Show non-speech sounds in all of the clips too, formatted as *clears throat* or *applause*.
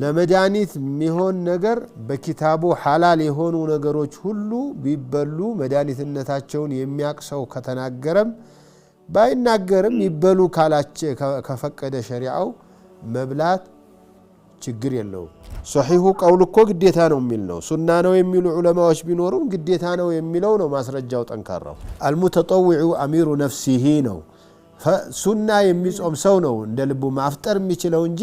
ለመድኃኒት የሚሆን ነገር በኪታቡ ሐላል የሆኑ ነገሮች ሁሉ ቢበሉ መድኃኒትነታቸውን የሚያቅ ሰው ከተናገረም ባይናገርም ይበሉ ካላቸ ከፈቀደ ሸሪዓው መብላት ችግር የለውም። ሶሒሁ ቀውል እኮ ግዴታ ነው የሚል ነው። ሱና ነው የሚሉ ዑለማዎች ቢኖሩም ግዴታ ነው የሚለው ነው ማስረጃው ጠንካራው። አልሙተጠዊዑ አሚሩ ነፍሲሂ ነው። ሱና የሚጾም ሰው ነው እንደ ልቡ ማፍጠር የሚችለው እንጂ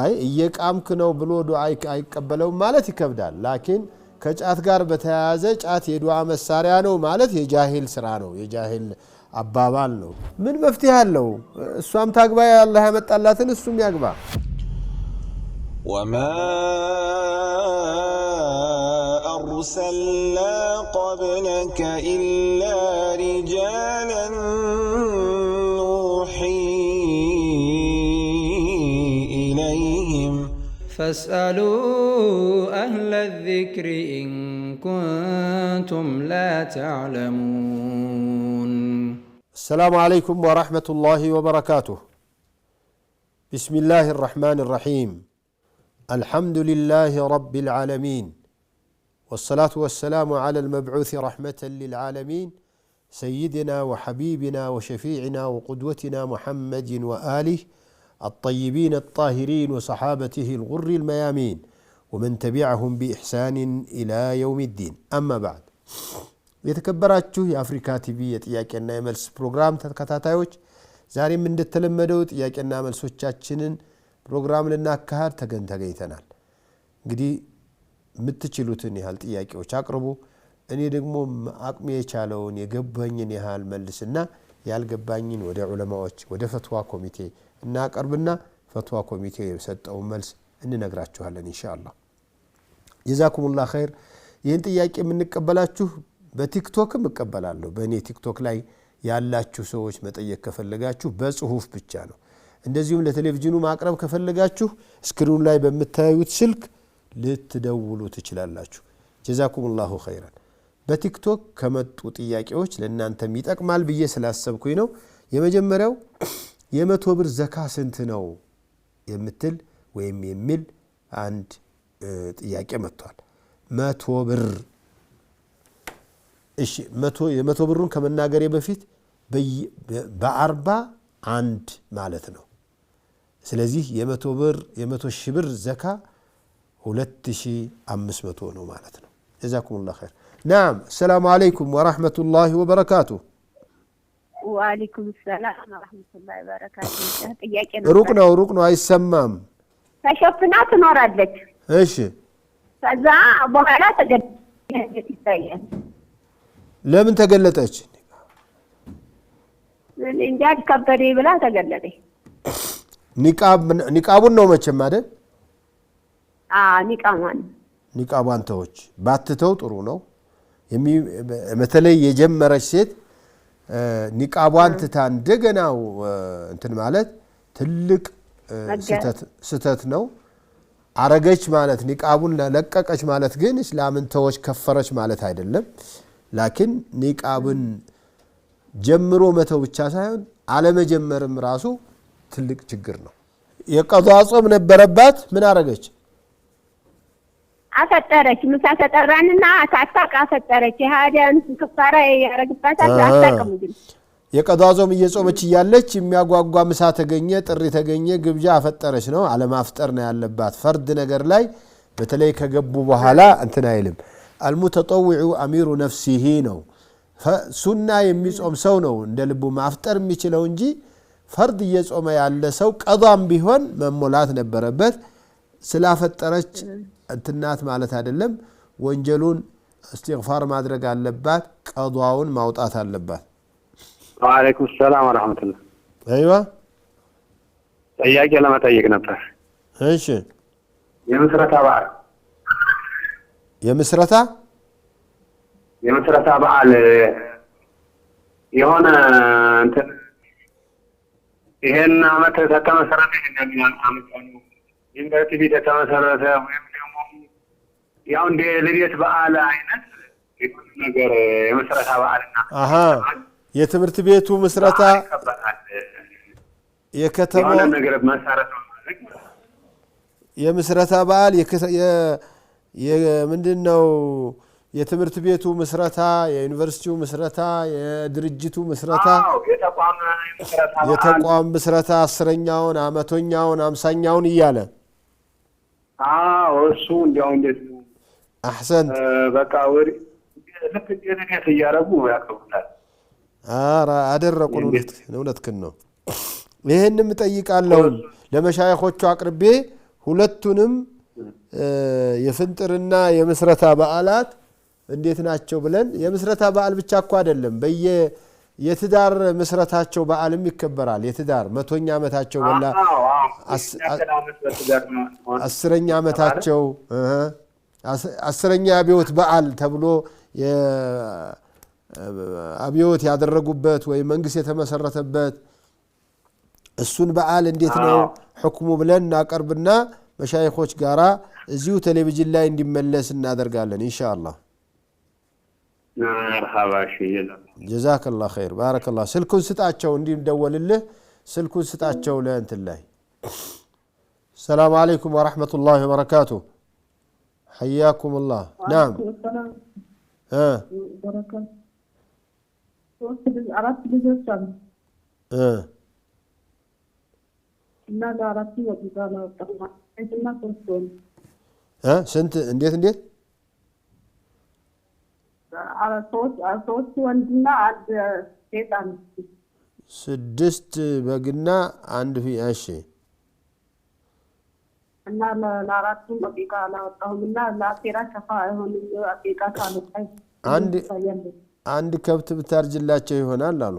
አይ እየቃምክ ነው ብሎ ዱዓ አይቀበለውም ማለት ይከብዳል። ላኪን ከጫት ጋር በተያያዘ ጫት የዱዓ መሳሪያ ነው ማለት የጃሂል ስራ ነው፣ የጃሂል አባባል ነው። ምን መፍትሄ አለው? እሷም ታግባ፣ አላህ ያመጣላትን እሱም ያግባ። ወማ አርሰልና ቀብለከ ኢላ ሪጃለን فاسألوا أهل الذكر إن كنتم لا تعلمون السلام عليكم ورحمة الله وبركاته بسم الله الرحمن الرحيم الحمد لله رب العالمين والصلاة والسلام على المبعوث رحمة للعالمين سيدنا وحبيبنا وشفيعنا وقدوتنا محمد وآله الطيبين الطاهرين وصحابته الغر الميامين ومن تبعهم بإحسان إلى يوم الدين أما بعد የተከበራችሁ የአፍሪካ ቲቪ የጥያቄና የመልስ ፕሮግራም ተከታታዮች ዛሬም እንደተለመደው ጥያቄና መልሶቻችንን ፕሮግራም ልናካሄድ ተገን ተገኝተናል። እንግዲህ የምትችሉትን ያህል ጥያቄዎች አቅርቡ። እኔ ደግሞ አቅሜ የቻለውን የገባኝን ያህል መልስና ያልገባኝን ወደ ዑለማዎች ወደ ፈትዋ ኮሚቴ እናቀርብና ፈትዋ ኮሚቴ የሰጠውን መልስ እንነግራችኋለን እንሻ አላ ጀዛኩም ላ ኸይር። ይህን ጥያቄ የምንቀበላችሁ በቲክቶክም እቀበላለሁ። በእኔ ቲክቶክ ላይ ያላችሁ ሰዎች መጠየቅ ከፈለጋችሁ በጽሁፍ ብቻ ነው። እንደዚሁም ለቴሌቪዥኑ ማቅረብ ከፈለጋችሁ ስክሪኑ ላይ በምታዩት ስልክ ልትደውሉ ትችላላችሁ። ጀዛኩም ላሁ ኸይረን። በቲክቶክ ከመጡ ጥያቄዎች ለእናንተም ይጠቅማል ብዬ ስላሰብኩኝ ነው። የመጀመሪያው *clears throat* የመቶ ብር ዘካ ስንት ነው የምትል ወይም የሚል አንድ ጥያቄ መጥቷል። መቶ ብር እሺ፣ የመቶ ብሩን ከመናገሬ በፊት በአርባ አንድ ማለት ነው። ስለዚህ የመቶ ብር የመቶ ሺህ ብር ዘካ ሁለት ሺህ አምስት መቶ ነው ማለት ነው። ጀዛኩሙላህ ኸይር نعم السلام عليكم ورحمة الله وبركاته وعليكم السلام ورحمة الله وبركاته ሩቅ ነው ሩቅ ነው አይሰማም ተሸፍና ትኖራለች እሺ ከዛ በኋላ ተገለጠች ይታያል ለምን ተገለጠች እንጃ ከበደ ብላ ተገለጠች ኒቃቡን ነው መቼም አይደል ኒቃቧን ኒቃቧን ተወች ባትተው ጥሩ ነው በተለይ የጀመረች ሴት ኒቃቧን ትታ እንደገና እንትን ማለት ትልቅ ስህተት ነው። አረገች ማለት ኒቃቡን ለቀቀች ማለት ግን እስላምን ተወች ከፈረች ማለት አይደለም። ላኪን ኒቃብን ጀምሮ መተው ብቻ ሳይሆን አለመጀመርም ራሱ ትልቅ ችግር ነው። የቀዷ ጾም ነበረባት። ምን አረገች? አፈጠረች። ምሳ ተጠራንና ሳታውቅ አፈጠረች። የሀዲያን ክፋራ ያደረግባታል አታውቅም። ግን የቀዷ ጾም እየጾመች እያለች የሚያጓጓ ምሳ ተገኘ፣ ጥሪ ተገኘ፣ ግብዣ አፈጠረች ነው። አለማፍጠር ነው ያለባት። ፈርድ ነገር ላይ በተለይ ከገቡ በኋላ እንትን አይልም። አልሙተጠዊዑ አሚሩ ነፍሲሂ ነው። ሱና የሚጾም ሰው ነው እንደ ልቡ ማፍጠር የሚችለው እንጂ ፈርድ እየጾመ ያለ ሰው ቀዷም ቢሆን መሞላት ነበረበት። ስላፈጠረች እንትናት ማለት አይደለም። ወንጀሉን እስትግፋር ማድረግ አለባት። ቀዷውን ማውጣት አለባት። ዋአለይኩም ሰላም ወረሕመቱላ። አይዋ ጥያቄ ለመጠየቅ ነበር። እሺ የምስረታ በዓል የምስረታ የምስረታ በዓል የሆነ እንትን ይሄን አመት ተተመሰረተ እንደሚያል አመት ነው ዩኒቨርሲቲ የተመሰረተ ወይም ደግሞ ያው እንደ ልደት በዓል አይነት ነገር የምስረታ በዓልና የትምህርት ቤቱ ምስረታ የከተማ ነገር መሰረት የምስረታ በዓል ምንድን ነው? የትምህርት ቤቱ ምስረታ፣ የዩኒቨርሲቲው ምስረታ፣ የድርጅቱ ምስረታ፣ የተቋም ምስረታ አስረኛውን፣ አመቶኛውን፣ አምሳኛውን እያለ አዎ እሱ እንዲያው እንደዚሁ አሕሰንት በቃ ወሪ ልክ እንዴት እያደረጉ ያቀቡናል። ኧረ አደረቁን። እውነትህን ነው። ይህንም እጠይቃለሁ ለመሻይኮቹ አቅርቤ ሁለቱንም የፍንጥርና የምስረታ በዓላት እንዴት ናቸው ብለን የምስረታ በዓል ብቻ እኮ አይደለም በየ የትዳር ምስረታቸው በዓልም ይከበራል። የትዳር መቶኛ ዓመታቸው በላ አስረኛ ዓመታቸው አስረኛ አብዮት በዓል ተብሎ አብዮት ያደረጉበት ወይ መንግስት የተመሰረተበት እሱን በዓል እንዴት ነው ሕክሙ ብለን እናቀርብና መሻይኮች ጋራ እዚሁ ቴሌቪዥን ላይ እንዲመለስ እናደርጋለን ኢንሻአላህ። ጀዛከላህ ኸይር ባረከላህ። ስልኩን ስጣቸው እንዲደወልልህ፣ ስልኩን ስጣቸው ለእንትን ላይ السلام عليكم ورحمة الله وبركاته حياكم الله نعم السلام اه ها اه ماذا ما ها سنت انديت انديت على صوت على صوت ወንድና አንድ ሴት አንድ ስድስት በግና እና ለአራቱም አቂቃ አላወጣሁም እና ለአሴራ ከፋ አይሆንም። አቂቃ ካሉጣይ አንድ ከብት ብታርጅላቸው ይሆናል አሉ።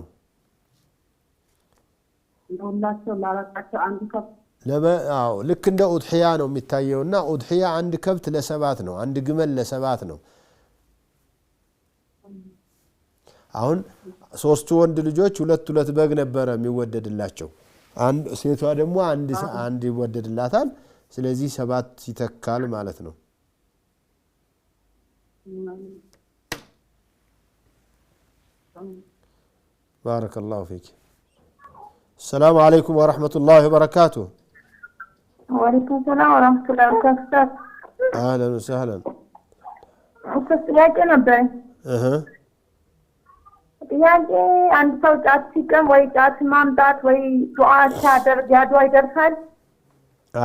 ልክ እንደ ኡድሕያ ነው የሚታየው። እና ኡድሕያ አንድ ከብት ለሰባት ነው፣ አንድ ግመል ለሰባት ነው። አሁን ሶስቱ ወንድ ልጆች ሁለት ሁለት በግ ነበረ የሚወደድላቸው፣ ሴቷ ደግሞ አንድ ይወደድላታል። ስለዚህ ሰባት ይተካል ማለት بارك الله فيك السلام عليكم ورحمة الله وبركاته وعليكم السلام ورحمة الله وبركاته أهلا وسهلا أستاذ ياجي نبي أها ياجي عند صوت جاتي كم وي جاتي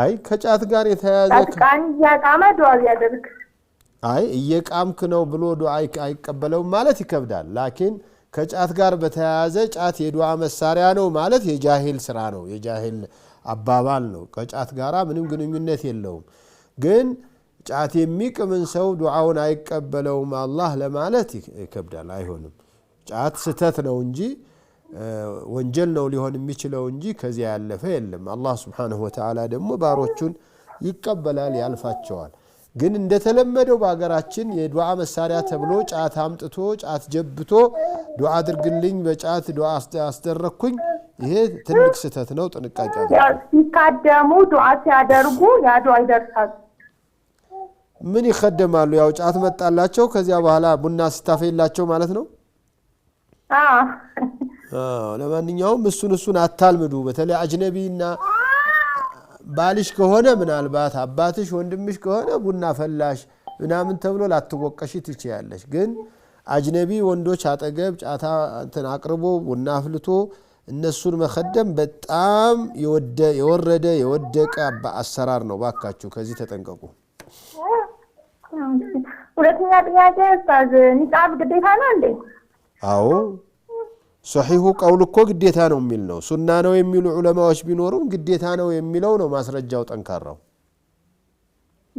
አይ ከጫት ጋር የተያያዘ ቃን እያቃመ ዱዓ ቢያደርግ አይ እየቃምክ ነው ብሎ ዱዓ አይቀበለውም ማለት ይከብዳል። ላኪን ከጫት ጋር በተያያዘ ጫት የዱዓ መሳሪያ ነው ማለት የጃሂል ስራ ነው፣ የጃሂል አባባል ነው። ከጫት ጋር ምንም ግንኙነት የለውም። ግን ጫት የሚቅምን ሰው ዱዓውን አይቀበለውም አላህ ለማለት ይከብዳል። አይሆንም። ጫት ስተት ነው እንጂ ወንጀል ነው ሊሆን የሚችለው እንጂ ከዚያ ያለፈ የለም። አላህ ስብሓነሁ ወተዓላ ደግሞ ባሮቹን ይቀበላል፣ ያልፋቸዋል። ግን እንደተለመደው በሀገራችን የዱዓ መሳሪያ ተብሎ ጫት አምጥቶ ጫት ጀብቶ ዱዓ አድርግልኝ በጫት ዱዓ አስደረግኩኝ፣ ይሄ ትልቅ ስህተት ነው። ጥንቃቄ ሲካደሙ ዱዓ ሲያደርጉ ያዱ ይደርሳል። ምን ይከደማሉ? ያው ጫት መጣላቸው፣ ከዚያ በኋላ ቡና ስታፈይላቸው ማለት ነው። ለማንኛውም እሱን እሱን አታልምዱ። በተለይ አጅነቢና ባልሽ ከሆነ ምናልባት አባትሽ ወንድምሽ ከሆነ ቡና ፈላሽ ምናምን ተብሎ ላትወቀሽ ትችያለሽ። ግን አጅነቢ ወንዶች አጠገብ ጫታ እንትን አቅርቦ ቡና አፍልቶ እነሱን መከደም በጣም የወረደ የወደቀ አሰራር ነው። ባካችሁ ከዚህ ተጠንቀቁ። ሁለተኛ ጥያቄ ኒቃብ ግዴታ ነው እንዴ? አዎ صحيح قولك قديتان أميلنا سنة نو يميل علماء واش بينورون قديتان نو يميلون وما سرجة وتنكره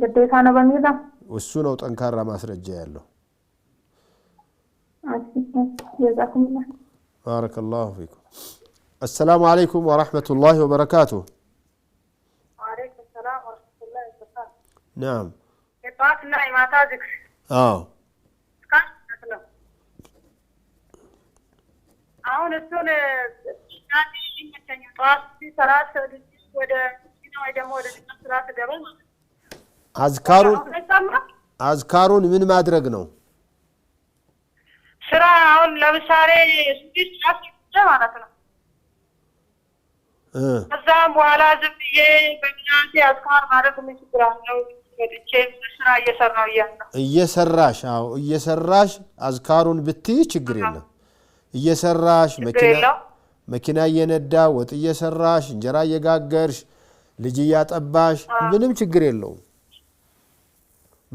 قديتان أميلنا والسنة وتنكره ما سرجة له بارك الله فيكم السلام عليكم ورحمة الله وبركاته وعليكم السلام ورحمة الله وبركاته نعم إطلاق نعم ما تازك آه አሁን እሱን አዝካሩን አዝካሩን ምን ማድረግ ነው? ስራ አሁን ለምሳሌ ስድስት ሰዓት ማለት ነው። ከዛም በኋላ ዝም ብዬ በሚናሴ አዝካር ማለት ምን ችግር አለው? ስራ እየሰራሁ እያለሁ እየሰራሽ አዎ እየሰራሽ አዝካሩን ብትይ ችግር የለም። እየሰራሽ መኪና እየነዳ ወጥ እየሰራሽ እንጀራ እየጋገርሽ ልጅ እያጠባሽ ምንም ችግር የለውም።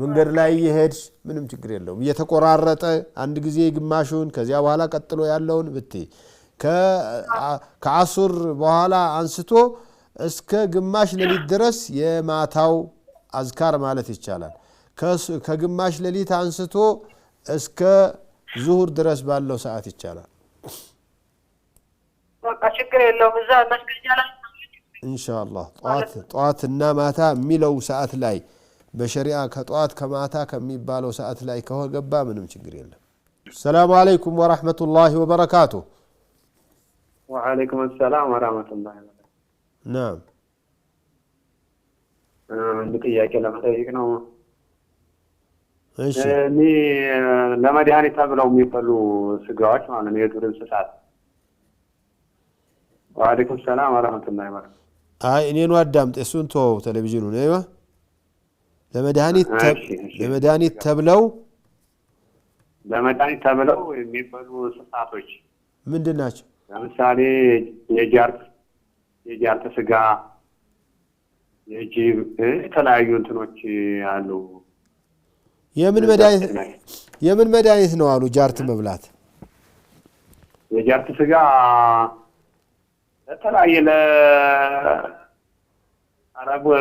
መንገድ ላይ እየሄድሽ ምንም ችግር የለውም። እየተቆራረጠ አንድ ጊዜ ግማሹን ከዚያ በኋላ ቀጥሎ ያለውን ብትይ ከአሱር በኋላ አንስቶ እስከ ግማሽ ሌሊት ድረስ የማታው አዝካር ማለት ይቻላል። ከግማሽ ሌሊት አንስቶ እስከ ዙሁር ድረስ ባለው ሰዓት ይቻላል። በቃ ችግር የለውም። እዛ መስገጃ ላይ ኢንሻአላህ ጠዋት ጠዋትና ማታ የሚለው ሰዓት ላይ በሸሪዓ ከጠዋት ከማታ ከሚባለው ሰዓት ላይ ከገባ ምንም ችግር የለም። ሰላሙ አለይኩም ወራህመቱላሂ ወበረካቱ። ወአለይኩም ሰላም ወራህመቱላሂ ናም። አንድ ጥያቄ ለመጠየቅ ነው። እኔ ለመድኃኒት ተብለው የሚበሉ ስጋዎች ማለት ነው፣ የዱር እንስሳት። ዋአሌኩም ሰላም ወረህመቱላሂ ወበረካቱህ። አይ እኔኑ አዳምጥ፣ እሱን ተወው፣ ቴሌቪዥኑ ነይዋ። ለመድኃኒት ተብለው ለመድኃኒት ተብለው የሚበሉ እንስሳቶች ምንድን ናቸው? ለምሳሌ የጃርት የጃርት ስጋ፣ የጅብ የተለያዩ እንትኖች አሉ የምን መድኃኒት የምን መድኃኒት ነው አሉ? ጃርት መብላት የጃርት ስጋ ለተለያየ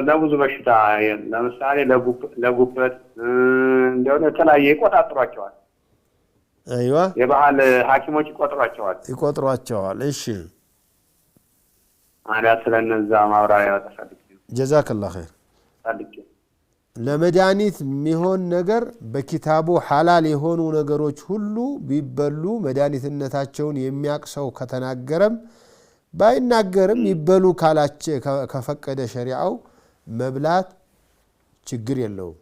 ለብዙ በሽታ ለምሳሌ ለጉበት እንደሆነ የተለያየ ይቆጣጥሯቸዋል። አይዋ የባህል ሀኪሞች ይቆጥሯቸዋል ይቆጥሯቸዋል። እሺ አዳ ስለነዛ ማብራሪያ ተፈልግ ጀዛከላ ኸይር ፈልግ ለመድኃኒት የሚሆን ነገር በኪታቡ ሐላል የሆኑ ነገሮች ሁሉ ቢበሉ መድኃኒትነታቸውን የሚያቅ ሰው ከተናገረም ባይናገርም ይበሉ ካላቸ ከፈቀደ ሸሪዓው መብላት ችግር የለውም።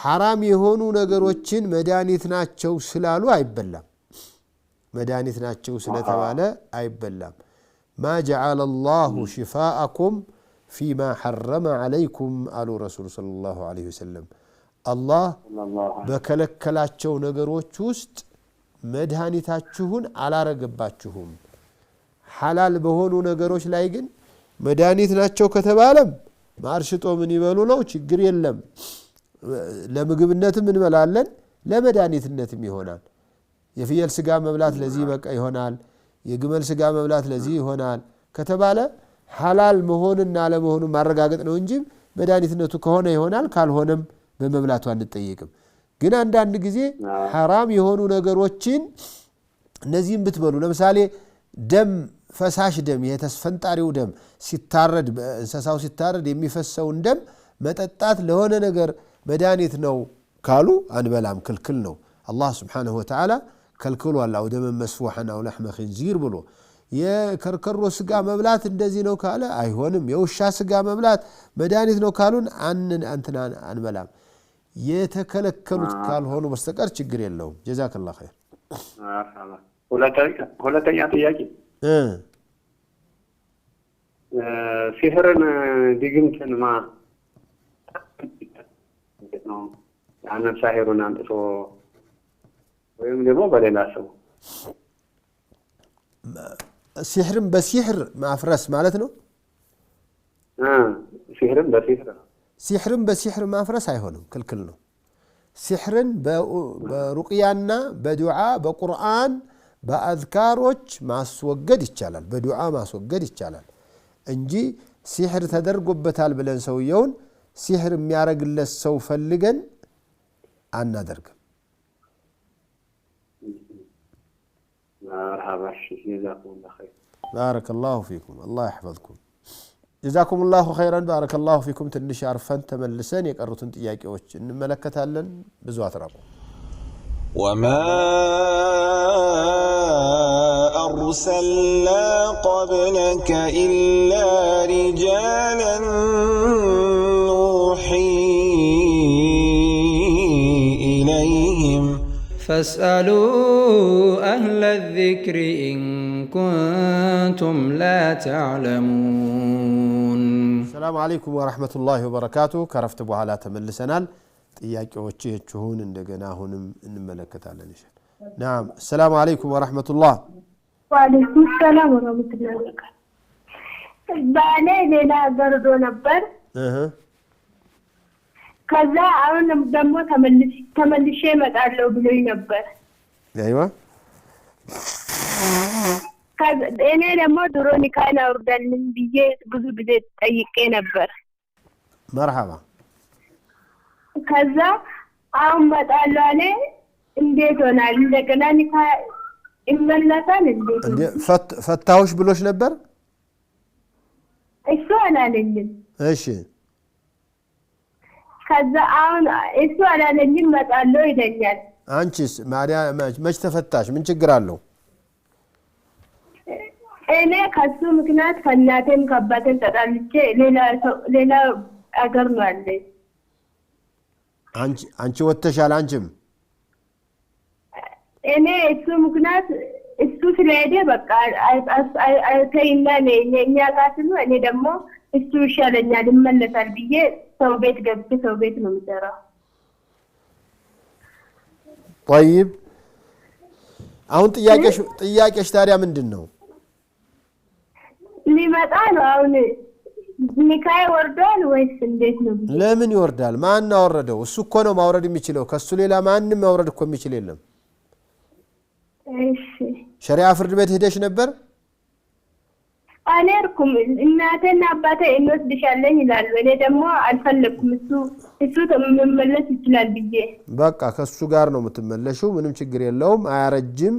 ሐራም የሆኑ ነገሮችን መድኃኒት ናቸው ስላሉ አይበላም። መድኃኒት ናቸው ስለተባለ አይበላም። ማ ጀዓለ ላሁ ሽፋአኩም ፊማ ሐረመ ዓለይኩም አሉ ረሱሉ ሰለላሁ ዓለይሂ ወሰለም። አላህ በከለከላቸው ነገሮች ውስጥ መድኃኒታችሁን አላረገባችሁም። ሐላል በሆኑ ነገሮች ላይ ግን መድኃኒት ናቸው ከተባለም ማር ሽጦ ምን ይበሉ ነው ችግር የለም። ለምግብነትም እንበላለን፣ ለመድኃኒትነትም ይሆናል። የፍየል ስጋ መብላት ለዚህ በቃ ይሆናል፣ የግመል ስጋ መብላት ለዚህ ይሆናል ከተባለ ሀላል መሆንና አለመሆኑ ማረጋገጥ ነው እንጂ መድኃኒትነቱ ከሆነ ይሆናል፣ ካልሆነም በመብላቱ አንጠየቅም። ግን አንዳንድ ጊዜ ሐራም የሆኑ ነገሮችን እነዚህም ብትበሉ ለምሳሌ ደም ፈሳሽ ደም የተስፈንጣሪው ደም ሲታረድ እንስሳው ሲታረድ የሚፈሰውን ደም መጠጣት ለሆነ ነገር መድኃኒት ነው ካሉ አንበላም፣ ክልክል ነው። አላህ ስብሓነሁ ወተዓላ ከልክሏል። አው ደመን መስፉሐን አው ለሕመ ኺንዚር ብሎ የከርከሮ ስጋ መብላት እንደዚህ ነው ካለ አይሆንም። የውሻ ስጋ መብላት መድኃኒት ነው ካሉን አንን አንትናን አንበላም። የተከለከሉት ካልሆኑ በስተቀር ችግር የለውም። ጀዛከላ ኸይር። ሁለተኛ ጥያቄ ሲህርን ድግምትን ማ ነው ያንን ሳሄሩን አንጥቶ ወይም ደግሞ በሌላ ሰው ሲሕርም በሲሕር ማፍረስ ማለት ነው። ሲሕርም በሲሕር ሲሕርም በሲሕር ማፍረስ አይሆንም፣ ክልክል ነው። ሲሕርን በሩቅያና በዱዓ በቁርአን በአዝካሮች ማስወገድ ይቻላል፣ በዱዓ ማስወገድ ይቻላል እንጂ ሲሕር ተደርጎበታል ብለን ሰውየውን ሲሕር የሚያደርግለት ሰው ፈልገን አናደርግም። مرحبا جزاكم الله خير بارك الله فيكم الله يحفظكم جزاكم الله خيرا بارك الله فيكم تنشي عرفان تملسان يقرتون تياكي وش ان ملكة اللن بزوات وما أرسلنا قبلك إلا رجالا فاسألوا أهل الذكر إن كنتم لا تعلمون السلام عليكم ورحمة الله وبركاته كرفت أبو على تملسنا إياك وجهه تشهون إن هون إن ملكت على نشان نعم السلام عليكم ورحمة الله وعليكم السلام ورحمة الله وبركاته بعدين أنا برضو نبر أه. ከዛ አሁን ደግሞ ተመልሼ እመጣለሁ ብሎኝ ነበር። አይዋ እኔ ደግሞ ድሮ ኒካን አውርዳልን ብዬ ብዙ ጊዜ ጠይቄ ነበር። መርሃባ ከዛ አሁን እመጣለሁ አለ። እንዴት ሆናል? እንደገና ኒካ ይመለሳል? እንዴት ፈታሁሽ ብሎች ነበር? እሱ አላለኝም። እሺ ከዛ አሁን እሱ አላለኝም መጣለው ይለኛል። አንቺስ ማሪያ መች ተፈታሽ? ምን ችግር አለው? እኔ ከሱ ምክንያት ከእናቴም ከአባቴም ተጣልቼ ሌላ አገር ነው ያለኝ። አንቺ ወጥተሻል። አንቺም እኔ እሱ ምክንያት እሱ ስለሄደ በቃ ተይና እኛ ጋር እኔ ደግሞ እሱ ይሻለኛል ይመለሳል ብዬ ሰው ቤት ገብቼ ሰው ቤት ነው የምሰራው። ጠይብ አሁን ጥያቄሽ ጥያቄሽ ታዲያ ምንድን ነው? ሊመጣ ነው አሁን ሚካኤል ወርዷል ወይስ እንዴት ነው? ለምን ይወርዳል? ማን አወረደው? እሱ እኮ ነው ማውረድ የሚችለው። ከሱ ሌላ ማንም ማውረድ እኮ የሚችል የለም። ሸሪዓ ፍርድ ቤት ሄደሽ ነበር? አልሄድኩም። እናቴና አባቴ እንወስድሻለን ይላሉ። እኔ ደግሞ አልፈለግኩም። እሱ እሱ መመለስ ይችላል ብዬ በቃ ከሱ ጋር ነው የምትመለሽው። ምንም ችግር የለውም። አያረጅም።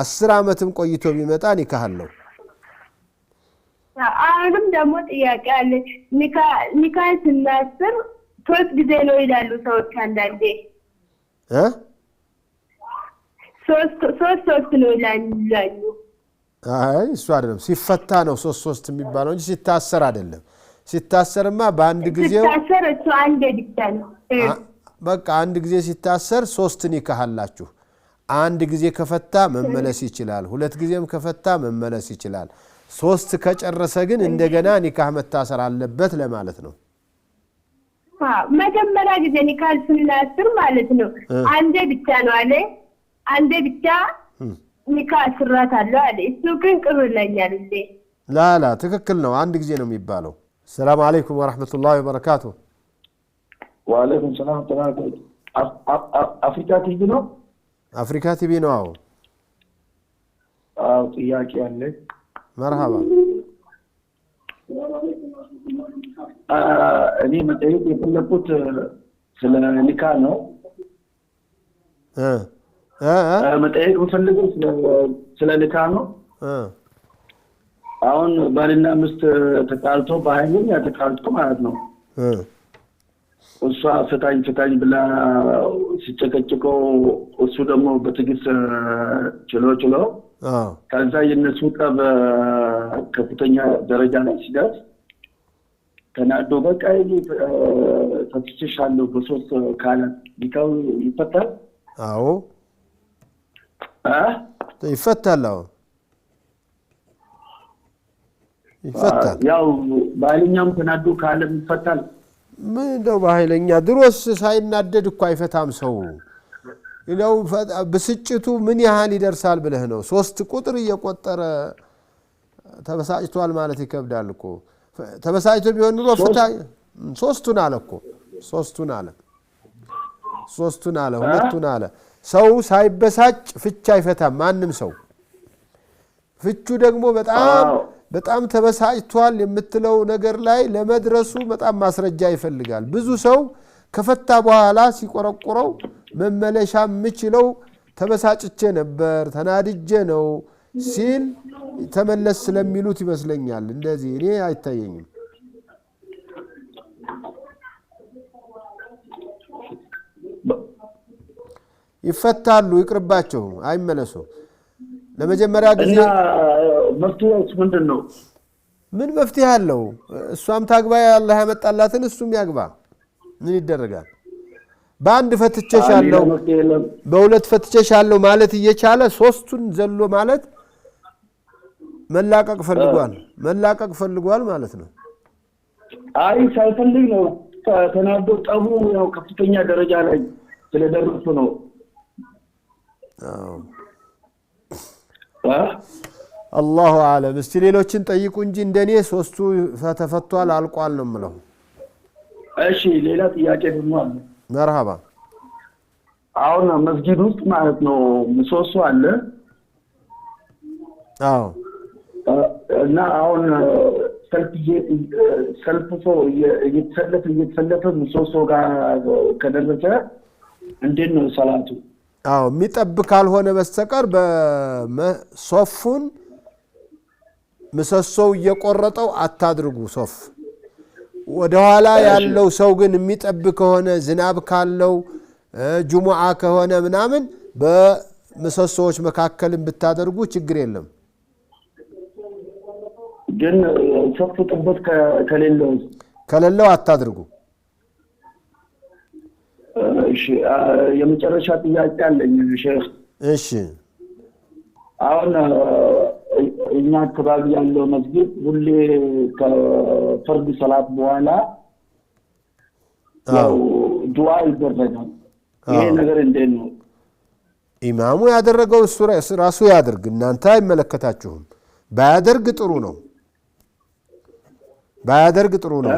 አስር አመትም ቆይቶ ቢመጣ ኒካህል ነው። አሁንም ደግሞ ጥያቄ አለ። ኒካ ስናስር ሶስት ጊዜ ነው ይላሉ ሰዎች አንዳንዴ ሶስት ሶስት ነው ይላሉ እሱ አይደለም ሲፈታ ነው ሶስት ሶስት የሚባለው እንጂ ሲታሰር አይደለም። ሲታሰርማ በአንድ ጊዜ በቃ አንድ ጊዜ ሲታሰር ሶስት ኒካህ አላችሁ። አንድ ጊዜ ከፈታ መመለስ ይችላል። ሁለት ጊዜም ከፈታ መመለስ ይችላል። ሶስት ከጨረሰ ግን እንደገና ኒካህ መታሰር አለበት ለማለት ነው። መጀመሪያ ጊዜ ኒካህ ስናስር ማለት ነው አንዴ ብቻ ነው አለ አንዴ ብቻ ኒካ ስራት አለው አለ። እሱ ግን ቅር ይለኛል። ላላ ትክክል ነው። አንድ ጊዜ ነው የሚባለው። ሰላም አለይኩም ወረሕመቱላሂ ወበረካቱ። ወአለይኩም ሰላም። አፍሪካ ቲቪ ነው። አፍሪካ ቲቪ ነው። አዎ አዎ። ጥያቄ አለ። መርሃባ። እኔ መጠየቅ የፈለኩት ስለ ኒካ ነው። መጠየቅ የምፈልገው ስለ ልካ ነው። አሁን ባልና ሚስት ተቃልቶ በሀይልም ያተጣልቶ ማለት ነው። እሷ ፍታኝ ፍታኝ ብላ ሲጨቀጭቀው እሱ ደግሞ በትግስት ችሎ ችሎ ከዛ የነሱ ጠብ ከፍተኛ ደረጃ ላይ ሲደርስ ተናዶ በቃ ፈትቼሻለሁ በሶስት ካላት ኒካው ይፈታል? አዎ ይፈታል። አሁን ይፈታል። ያው በኃይለኛም ተናዶ ካለም ይፈታል። ምን እንደው በኃይለኛ ድሮስ ሳይናደድ እኮ አይፈታም ሰው ው ብስጭቱ ምን ያህል ይደርሳል ብለህ ነው? ሶስት ቁጥር እየቆጠረ ተበሳጭቷል ማለት ይከብዳል እኮ። ተበሳጭቶ ቢሆን ኑሮ ፍታ። ሶስቱን አለ እኮ ሶስቱን አለ ሶስቱን አለ ሁለቱን አለ ሰው ሳይበሳጭ ፍቻ አይፈታም ማንም ሰው። ፍቹ ደግሞ በጣም በጣም ተበሳጭቷል የምትለው ነገር ላይ ለመድረሱ በጣም ማስረጃ ይፈልጋል። ብዙ ሰው ከፈታ በኋላ ሲቆረቁረው መመለሻ የምችለው ተበሳጭቼ ነበር፣ ተናድጄ ነው ሲል ተመለስ ስለሚሉት ይመስለኛል። እንደዚህ እኔ አይታየኝም። ይፈታሉ፣ ይቅርባቸው፣ አይመለሱ። ለመጀመሪያ ጊዜ መፍትሄ ምንድን ነው? ምን መፍትሄ አለው? እሷም ታግባ ያለ ያመጣላትን እሱም ያግባ። ምን ይደረጋል? በአንድ ፈትቸሽ አለው በሁለት ፈትቸሽ አለው ማለት እየቻለ ሶስቱን ዘሎ ማለት መላቀቅ ፈልጓል፣ መላቀቅ ፈልጓል ማለት ነው። አይ ሳይፈልግ ነው ተናዶ ጠቡ ያው ከፍተኛ ደረጃ ላይ ስለደረሱ ነው። አላሁ አለም። እስቲ ሌሎችን ጠይቁ እንጂ እንደኔ ሶስቱ ተፈቷል አልቋል ነው የምለው። እሺ ሌላ ጥያቄ ደግሞ አለ። መርሃባ። አሁን መስጊድ ውስጥ ማለት ነው ምሰሶ አለ። አዎ። እና አሁን ሰልፍ ሰው እየተሰለፈ እየተሰለፈ ምሰሶ ጋር ከደረሰ እንዴት ነው ሰላቱ? አዎ የሚጠብ ካልሆነ በስተቀር ሶፉን ምሰሶው እየቆረጠው አታድርጉ። ሶፍ ወደኋላ ያለው ሰው ግን የሚጠብ ከሆነ ዝናብ ካለው ጅሙዓ ከሆነ ምናምን በምሰሶዎች መካከልን ብታደርጉ ችግር የለም። ግን ሶፉ ጥበት ከሌለው ከሌለው አታድርጉ። የመጨረሻ ጥያቄ አለኝ ሼህ። እሺ አሁን እኛ አካባቢ ያለው መስጊድ ሁሌ ከፈርድ ሰላት በኋላ ያው ዱዓ ይደረጋል። ይሄ ነገር እንዴት ነው? ኢማሙ ያደረገው እሱ ራሱ ያደርግ፣ እናንተ አይመለከታችሁም። ባያደርግ ጥሩ ነው። ባያደርግ ጥሩ ነው።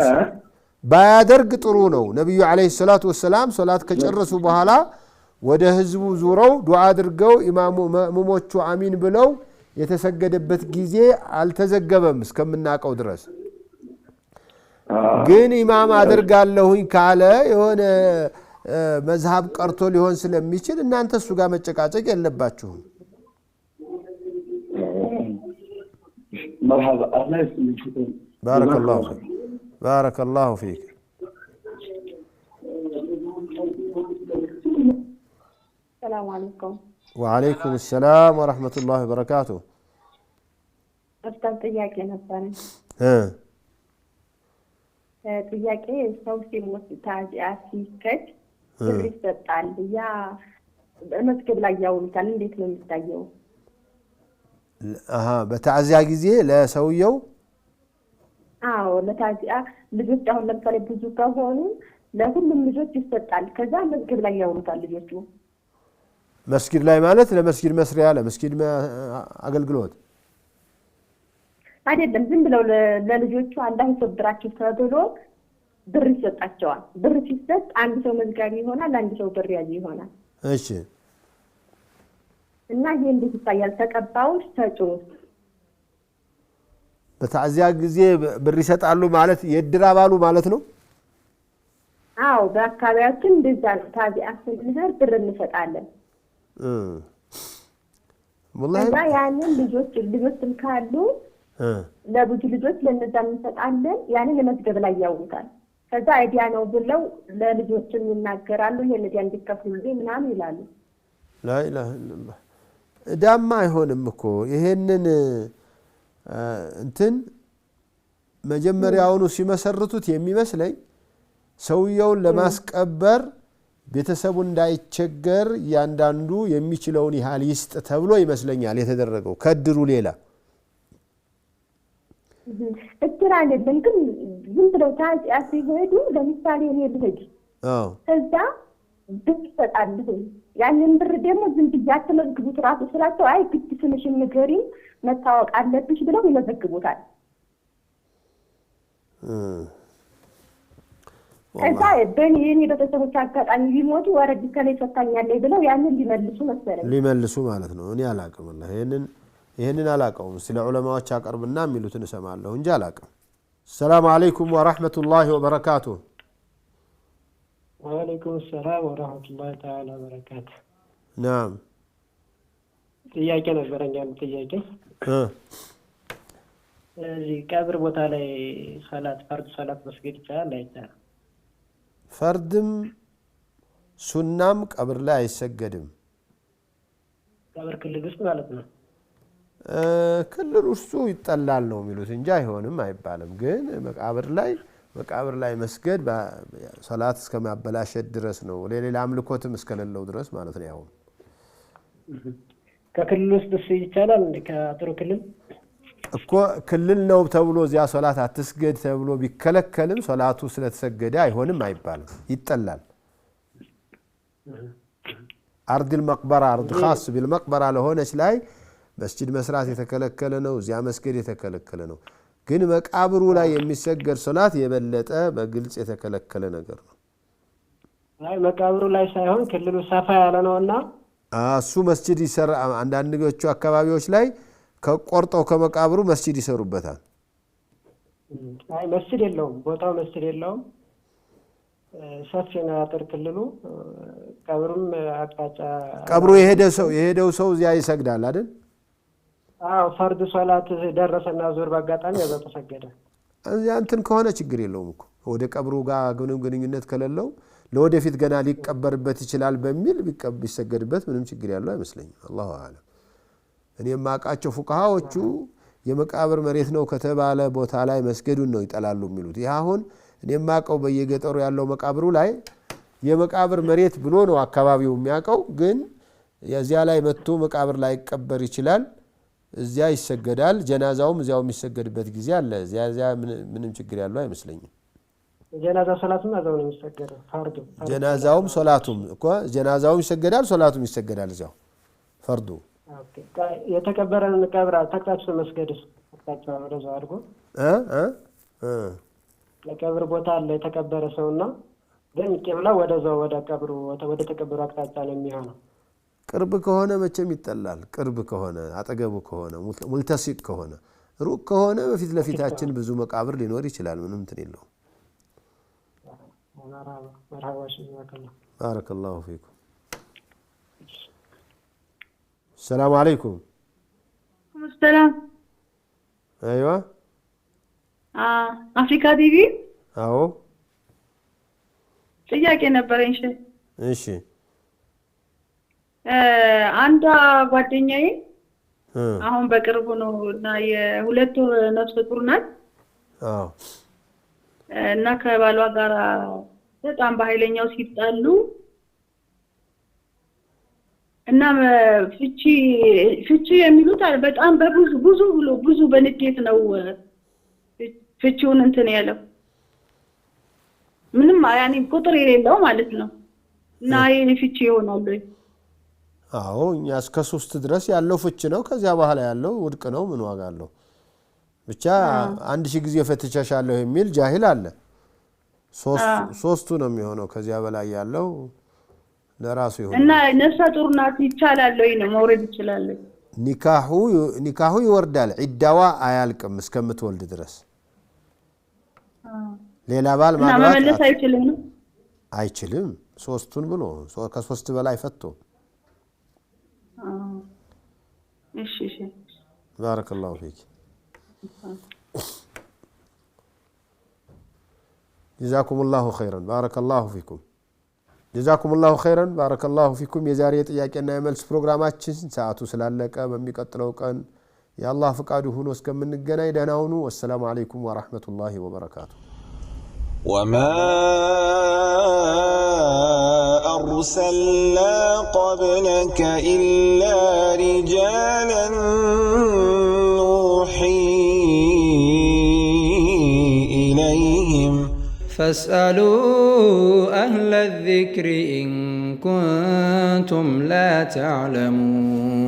ባያደርግ ጥሩ ነው። ነቢዩ ዓለይሂ ሰላቱ ወሰላም ሶላት ከጨረሱ በኋላ ወደ ህዝቡ ዙረው ዱዓ አድርገው ኢማሙ መእሙሞቹ አሚን ብለው የተሰገደበት ጊዜ አልተዘገበም እስከምናውቀው ድረስ። ግን ኢማም አደርጋለሁኝ ካለ የሆነ መዝሃብ ቀርቶ ሊሆን ስለሚችል እናንተ እሱ ጋር መጨቃጨቅ የለባችሁም። ባረከላሁ بارك الله فيك السلام عليكم وعليكم السلام ورحمة الله وبركاته أفتح طياك أه، إيه، يا نصاري ها طياك إيه سو في موت تاجي أسيك تدريس تطال يا بأمسك كان ليك لم تتاجيو أها بتعزي عجزي لا سوي يوم አዎ ለታዚያ ልጆች አሁን ለምሳሌ ብዙ ከሆኑ ለሁሉም ልጆች ይሰጣል። ከዛ መስጊድ ላይ ያውሉታል ልጆቹ መስጊድ ላይ ማለት ለመስጊድ መስሪያ ለመስጊድ አገልግሎት አይደለም። ዝም ብለው ለልጆቹ እንዳይሰብራችሁ ተብሎ ብር ይሰጣቸዋል። ብር ሲሰጥ አንድ ሰው መዝጋቢ ይሆናል፣ አንድ ሰው ብር ያዥ ይሆናል። እሺ። እና ይሄ እንዴት ይታያል? ተቀባዎች ተጭ በታዚያ ጊዜ ብር ይሰጣሉ ማለት የእድር አባሉ ማለት ነው? አዎ፣ በአካባቢያችን እንደዛ ነው። ታዚያ ስንሄድ ብር እንሰጣለን። ከዛ ያንን ልጆች ልጆችም ካሉ ለብዙ ልጆች ለነዛ እንሰጣለን። ያንን ለመዝገብ ላይ ያውሉታል። ከዛ አይዲያ ነው ብለው ለልጆችም ይናገራሉ። ይህን ዲያ እንዲከፍሉልኝ ምናምን ይላሉ። ላኢላሃ ኢለላህ እዳማ አይሆንም እኮ ይሄንን እንትን መጀመሪያውኑ ሲመሰርቱት የሚመስለኝ ሰውየውን ለማስቀበር ቤተሰቡ እንዳይቸገር እያንዳንዱ የሚችለውን ያህል ይስጥ ተብሎ ይመስለኛል የተደረገው ከድሩ ሌላ እድር አለብን ግን ዝም ብለው ሲሄዱ ለምሳሌ እኔ ብሄድ ከዛ ብር ይሰጣለሁ ያንን ብር ደግሞ ዝም ብዬ አትመዝግቡት ራሱ ስላቸው አይ ግድ ትንሽ ንገሪም መታወቅ አለብሽ ብለው ይመዘግቡታል። ከዛ በን ይህን የቤተሰቦች አጋጣሚ ቢሞቱ ወረድ ከላይ ሰታኛለኝ ብለው ያንን ሊመልሱ መሰለኝ ሊመልሱ ማለት ነው። እኔ አላቅም ላ ይህንን አላቀውም። ስለ ዑለማዎች አቀርብና የሚሉትን እሰማለሁ እንጂ አላቅም። ሰላም አለይኩም ወረሕመቱላሂ ወበረካቱ። ወአለይኩም ሰላም ወረሕመቱላሂ ተዓላ ወበረካቱ። ናም ጥያቄ ነበረ አንድ ጥያቄ እዚህ ቀብር ቦታ ላይ ሰላት ፈርድ ሰላት መስገድ ይቻላል አይቻልም? ፈርድም ሱናም ቀብር ላይ አይሰገድም። ቀብር ክልል ውስጥ ማለት ነው። ክልል ውስጡ ይጠላል ነው የሚሉት እንጂ አይሆንም አይባልም። ግን መቃብር ላይ መቃብር ላይ መስገድ ሰላት እስከ ድረስ ነው። ሌላ አምልኮትም እስከሌለው ድረስ ማለት ነው ያሁን ከክልል ውስጥ እሱ ይቻላል እንዴ? ክልል እኮ ክልል ነው ተብሎ እዚያ ሶላት አትስገድ ተብሎ ቢከለከልም ሶላቱ ስለተሰገደ አይሆንም አይባልም፣ ይጠላል። አርድል መቅበራ አርድ ካስ ቢል መቅበራ ለሆነች ላይ መስጅድ መስራት የተከለከለ ነው፣ እዚያ መስገድ የተከለከለ ነው። ግን መቃብሩ ላይ የሚሰገድ ሶላት የበለጠ በግልጽ የተከለከለ ነገር ነው። መቃብሩ ላይ ሳይሆን ክልሉ ሰፋ ያለ ነው እና እሱ መስጅድ ይሰራ። አንዳንዶቹ አካባቢዎች ላይ ከቆርጠው ከመቃብሩ መስጅድ ይሰሩበታል። አይ መስጅድ የለውም፣ ቦታው መስጅድ የለውም። ሰፊ ነው አጥር ክልሉ። ቀብሩም አቅጣጫ ቀብሩ የሄደ ሰው የሄደው ሰው እዚያ ይሰግዳል አይደል? አዎ ፈርድ ሶላት ደረሰና ዙር በአጋጣሚ ያዛ ተሰገደ። እዚያ እንትን ከሆነ ችግር የለውም እኮ ወደ ቀብሩ ጋር ግንኙነት ከሌለው ለወደፊት ገና ሊቀበርበት ይችላል በሚል ቢሰገድበት ምንም ችግር ያለው አይመስለኝም። አላሁ አለም። እኔ የማውቃቸው ፉቃሃዎቹ የመቃብር መሬት ነው ከተባለ ቦታ ላይ መስገዱን ነው ይጠላሉ የሚሉት። ይህ አሁን እኔ የማውቀው በየገጠሩ ያለው መቃብሩ ላይ የመቃብር መሬት ብሎ ነው አካባቢው የሚያውቀው። ግን የዚያ ላይ መጥቶ መቃብር ላይ ይቀበር ይችላል፣ እዚያ ይሰገዳል። ጀናዛውም እዚያው የሚሰገድበት ጊዜ አለ። እዚያ ምንም ችግር ያለው አይመስለኝም። ጀናዛ ሶላቱም እዛው ነው የሚሰገደው። ፈርዱ ጀናዛውም ሶላቱም እኮ ጀናዛውም ይሰገዳል፣ ሶላቱም ይሰገዳል እዚያው ፈርዱ። የተቀበረን ቀብር ተቅጣችሁ መስገድ ተቅጣችሁ ወደዛ አድርጎ የቀብር ቦታ አለ የተቀበረ ሰውና ግን ቂብላ ወደዛው ወደ ቀብሩ ወደ ተቀበሩ አቅጣጫ ነው የሚሆነው። ቅርብ ከሆነ መቼም ይጠላል። ቅርብ ከሆነ አጠገቡ ከሆነ ሙልተሲቅ ከሆነ ሩቅ ከሆነ በፊት ለፊታችን ብዙ መቃብር ሊኖር ይችላል። ምንም እንትን የለውም። مرحبا مرحبا جزاك الله بارك الله فيكم السلام عليكم وعليكم السلام ايوه اه افريكا تيفي አዎ ጥያቄ ነበረኝ። እሺ እሺ። አንዷ ጓደኛዬ አሁን በቅርቡ ነው እና የሁለት ወር ነፍሰ ጡር ናት እና ከባሏ ጋር በጣም በኃይለኛው ሲጣሉ እና ፍቺ ፍቺ የሚሉት በጣም በብዙ ብዙ ብሎ ብዙ በንዴት ነው ፍቺውን እንትን ያለው ምንም ያኔ ቁጥር የሌለው ማለት ነው። እና ይህ ፍቺ ይሆናሉ። አዎ እኛ እስከ ሶስት ድረስ ያለው ፍቺ ነው። ከዚያ በኋላ ያለው ውድቅ ነው። ምን ዋጋ አለው? ብቻ አንድ ሺህ ጊዜ ፈትቻሻለሁ የሚል ጃሂል አለ። ሶስቱ ነው የሚሆነው። ከዚያ በላይ ያለው ለራሱ ይሆናል እና ነፍሰ ጡር ናት ይቻላል ወይ ነው መውረድ ይችላል። ኒካሁ ይወርዳል። ዒዳዋ አያልቅም እስከምትወልድ ድረስ ሌላ ባል ማመለስ አይችልም ነው አይችልም። ሶስቱን ብሎ ከሶስት በላይ ፈቶ ባረከላሁ ፊክ جزاكم الله خيرا بارك الله فيكم جزاكم الله خيرا بارك الله فيكم يا تياك أن يعمل سبرغرامات ساعات سلالك أمامي قطلوك يا الله فقاده نسكم من الجنائد نونو والسلام عليكم ورحمة الله وبركاته وما أرسلنا قبلك إلا رجالا فاسألوا أهل الذكر إن كنتم لا تعلمون